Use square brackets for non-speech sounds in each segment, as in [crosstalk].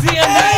vizinha, né?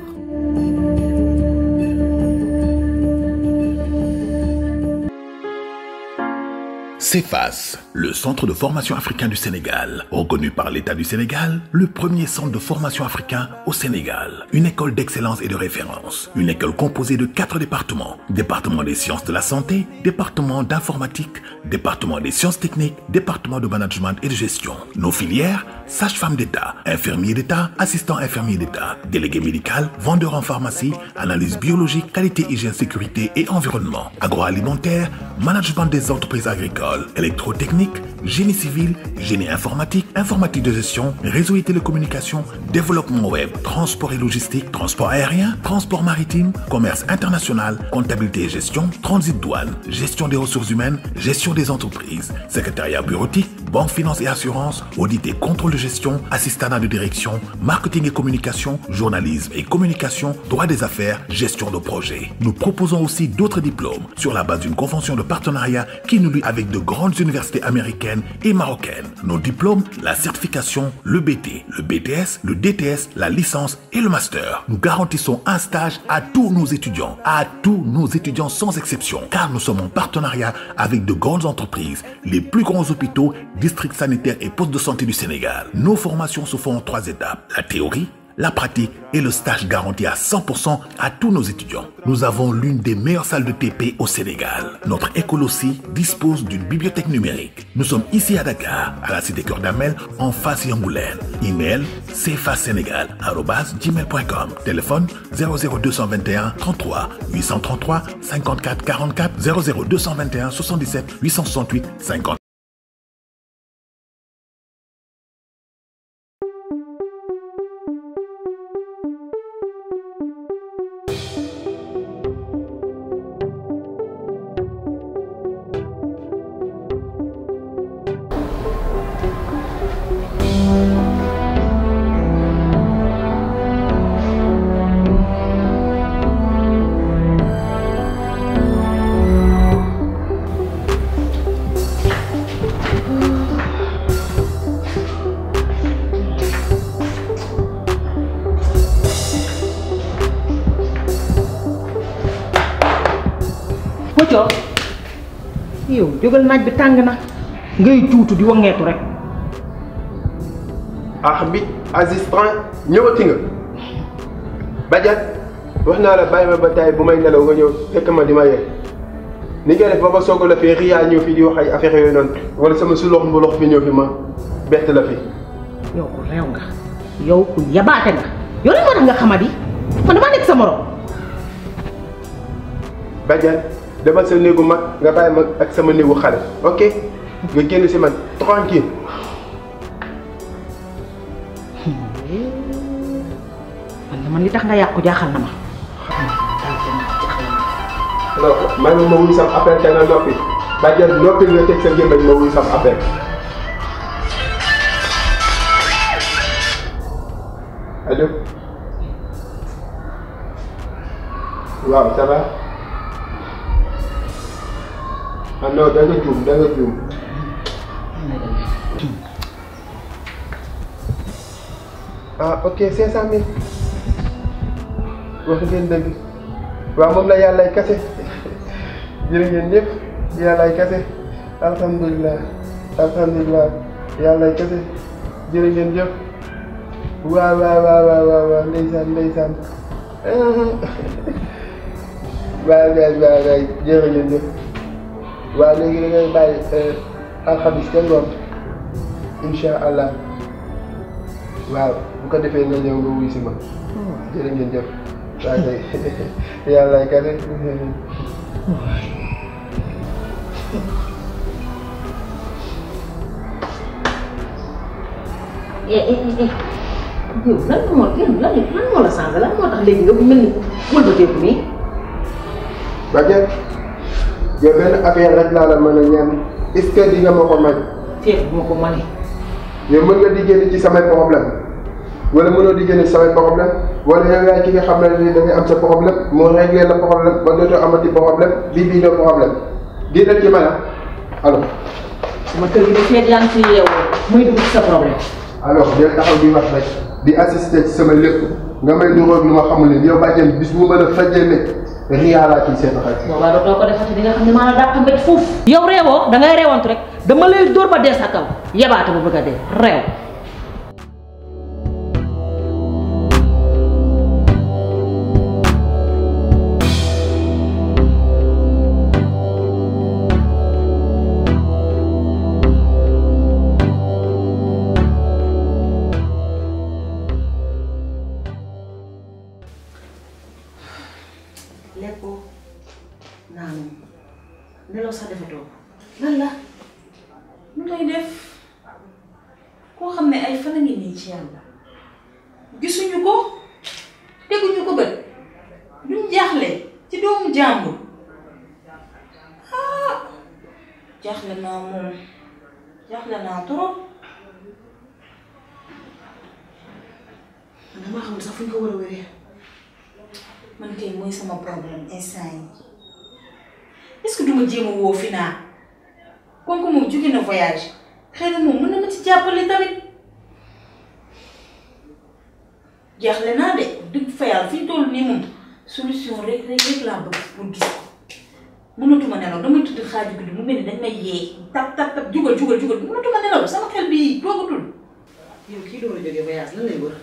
CEFAS, le centre de formation africain du Sénégal, reconnu par l'État du Sénégal, le premier centre de formation africain au Sénégal, une école d'excellence et de référence, une école composée de quatre départements, département des sciences de la santé, département d'informatique, département des sciences techniques, département de management et de gestion. Nos filières sage-femme d'État, infirmier d'État, assistant infirmier d'État, délégué médical, vendeur en pharmacie, analyse biologique, qualité, hygiène, sécurité et environnement, agroalimentaire, management des entreprises agricoles, électrotechnique, génie civil, génie informatique, informatique de gestion, réseau et télécommunications, développement web, transport et logistique, transport aérien, transport maritime, commerce international, comptabilité et gestion, transit douane, gestion des ressources humaines, gestion des entreprises, secrétariat bureautique, banque finance et assurance, audit et contrôle de gestion, assistant de direction, marketing et communication, journalisme et communication, droit des affaires, gestion de projet. Nous proposons aussi d'autres diplômes sur la base d'une convention de partenariat qui nous lie avec de grandes universités américaines et marocaines. Nos diplômes, la certification, le BT, le BTS, le DTS, la licence et le master. Nous garantissons un stage à tous nos étudiants, à tous nos étudiants sans exception, car nous sommes en partenariat avec de grandes entreprises, les plus grands hôpitaux, districts sanitaires et postes de santé du Sénégal. Nos formations se font en trois étapes. La théorie, la pratique et le stage garanti à 100% à tous nos étudiants. Nous avons l'une des meilleures salles de TP au Sénégal. Notre école aussi dispose d'une bibliothèque numérique. Nous sommes ici à Dakar, à la cité Cœur d'Amel, en face Yangoulène. Email cfasénégal.com. Téléphone 00221 33 833 54 44 00221 77 868 50. coow yow jógal naaj bi tàng na ngay tuutu di wangeetu rek ax bi Aziz ñëwati nga bajat wax naa la bàyyi ma ba taay bu may nelaw nga ñëw fekk ma di ma yee ni ngay def ba ma soog la fee ñëw fi di wax ay affaire yooyu noonu wala sama sulox mbolox fi ñëw fi ma bett la fi yow ku réew nga yow ku yabaate nga yow la moo tax nga xamadi man dama nekk sa morom bajat demal sa néegu mag nga bàyyi mag ak sama néegu xale ok nga génn ci man tranquille man dama li tax nga yakku jaxal na ma non man mo wuy sam appel te na nopi ba jël nopi nga tek sa gémmañ mo wuy sam appel allo Wow, ça va ah non da nga juum da nga juum. ah ok 500000 wax ngeen dëgg waaw moom la yàllaay kase jërë ngeen ñëpp yàllaay kase alhamdulilah alhamdulilah yàllaay kase jërë ngeen ñëpp waaw waaw waaw waaw ndeysaan ndeysaan waaw waay waay waay jërë ngeen ñëpp. waaw léegi da ngay bàyyi alxamis ca ngoon incha allah waaw bu ko defee nga ñëw nga wuy si ma. jërë ngeen jëf. waaw kay [laughs] yàlla kay. Eh, eh, eh, yow lan moo lan lan la changé lan moo tax léegi nga mel yow benn affaire rek laa la mën a ñaan est-ce ma ko may. féex bu ma ko mën nga di génn ci samay problème wala mënoo di génn samay problème wala yow yaay ki nga xam ne ni da nga am sa problème moo réglé la problème ba dootoo di problème bii bii doo problème di rek ci ma la alors. sama kër gi bu yaa ngi fi yeewoo muy dugg sa problème. alors yow taxaw di wax rek di assister sama lépp. nga may dugal lu ma xamul ne yow bàjjen bis bu ma la fajee mbéj riyaa laa ciy seet xaj. boobaa dootoo nga xam ne maa la dàq mbéj fuuf. yow réewoo da ngay réewantu rek dama lay dóor ba dee sa kaw yebaate bu bëgg a dee réew. doomu jàmbur ah naa moom jaaxle naa trop. man damaa xamul sax fu ñu ko man kay mooy sama problème instant yi est-ce que du ma jéem a naa kooku moom jóge na voyage xëy na moom mën na ma ci jàppale tamit jaaxle naa de dëgg fa fi ñu toll nii solution rek rek rek laa bëgg pour gis ko mënatuma nelaw damay tudd xaaju guddi mu mel ni dañ may yee tap tap tap jugal jugal jugal mënatuma nelaw sama xel bi toogatul. yow kii doon jógee wër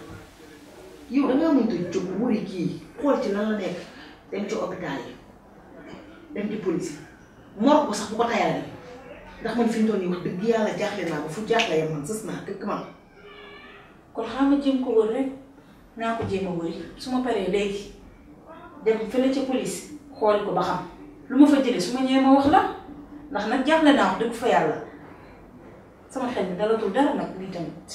yow da ngaa mënta jóg wuri kii xool ci lan la nekk dem ci hôpital yi dem ci police mor ko sax bu ko tayal ndax man fi ñu doon wax dëgg yàlla jaaxle naa ba fu jaaxle yam man naa dëkk man. kon xaaral ma jéem ko wër rek naa ko jéem a wëri su ma paree léegi. dem fële ci police xool ko ba xam lu ma fa jëlee su ma ñëwee ma wax la ndax nag jaaxle naa wax dëgg fa yàlla sama xel mi dalatul dara nag lii tamit.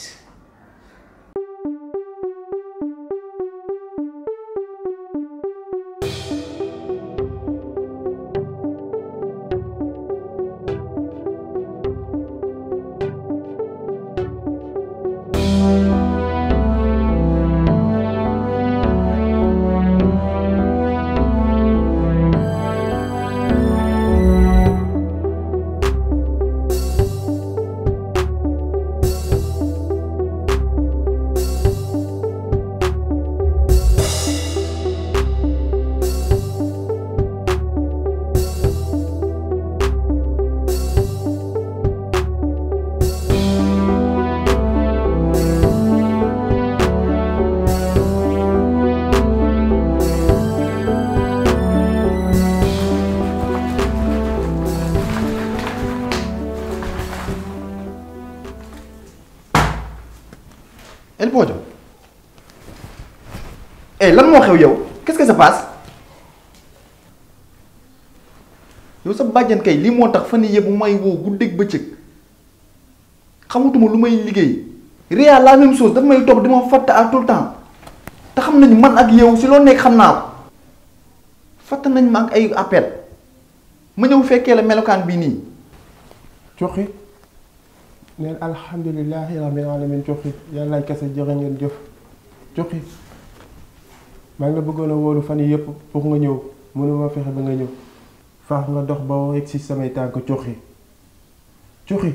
xew yow qu'est-ce que ça yow sa bàjjan kay lii moo tax fan yii yëpp may woo guddeeg bëccëg xamatuma lu may liggéey Réa la même chose daf may topp di ma fàtte tout temps te xam nañu man ak yow si loo nekk xam naa ko fàtte nañ ma ak ay appel ma ñëw fekkee la melokaan bii nii. coqi neen alhamdulilahi rabbil alamin coxi yàlla kese joxe ngeen jëf maa ngi la bëggoon a wóolu fan yëpp pour nga ñëw mënuma fexe ba nga ñëw faax nga dox ba egg si samay tànk coxi coxi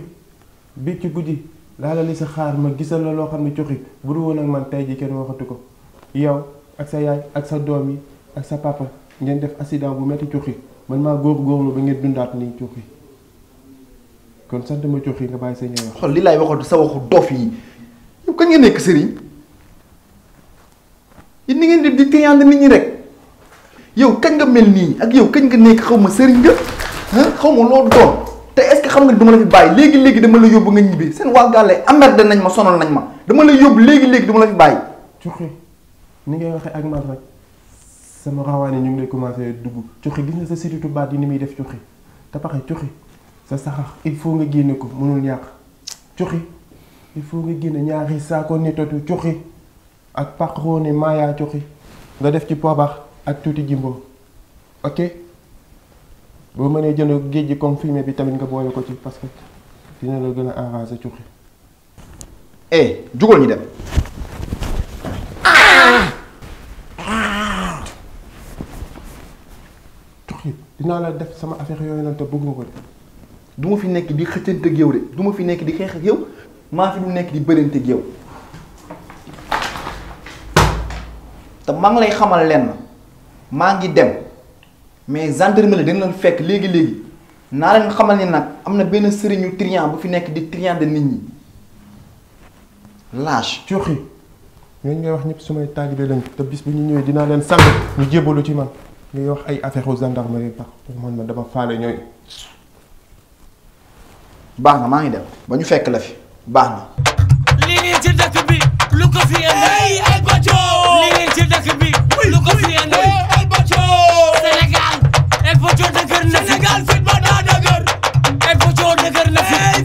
bi ci guddi laa la sa xaar ma gisal la loo xam ne coxi bu dul woon ak man tey ji kenn waxatu ko yow ak sa yaay ak sa doom yi ak sa papa ngeen def accident bu metti coxi man maa góor-góorlu ba ngeen dundaat nii coxi kon sant ma coxi nga bàyyi sa ñëw xool li laay waxoon sa waxu dof yi yow kañ nga nekk sëriñ yéen ni ngeen di di tiñaande nit ñi rek yow kañ nga mel nii ak yow kañ nga nekk xaw ma sëriñ nga xaw ma loo doon te est-ce que xam nga dama la fi bàyyi léegi léegi dama la yóbbu nga ñibbi seen waa gàllay amerde nañ ma sonal nañ ma dama la yóbbu léegi léegi dama la fi bàyyi. cuxi ni ngay waxee ak man rek sama rawaane ñu ngi lay commencé dugg cuxi gis nga sa siritu baat yi ni muy def cuxi te paxe cuxi sa saxax il faut nga génne ko mënul yàq cuxi il faut nga génne ñaari saako nettatu cuxi ak paqarooni maaya coxi nga def ci poobar ak tuuti jimbo ok boo mënee jënd géej gi comme fumier bi tamit nga boole ko ci parce que dina la gën a tu eh jugal ñu dem Tu dinaa la def sama affaire yooyu te ko de du ma fi nekk di xëccante ak yow de du fi nekk di xeex ak yow maa fi du nekk di te maa ngi lay xamal lenn maa ngi dem mais mi gendarmerie dañ leen fekk léegi léegi naa leen xamal ni nag am na benn sëriñu triant bu fi nekk di triant de nit ñi lâche. Cuuxi ñooñu ngay wax ñëpp sumay taalibe lañ te bis bu ñu ñëwee dinaa leen sang ñu jébalu ci man ngay wax ay affaire aux gendarmerie tax man ma dama faale ñooy. baax na maa ngi dem ba ñu fekk la fi baax na. lu ko fi indi. hey Albacho. liggéey ci dëkk bi. lu ko fi indi. hey Albacho. Sénégal. El Pocho dëgër na fi. Sénégal fit ba daa dëgër. El Pocho dëgër na fi.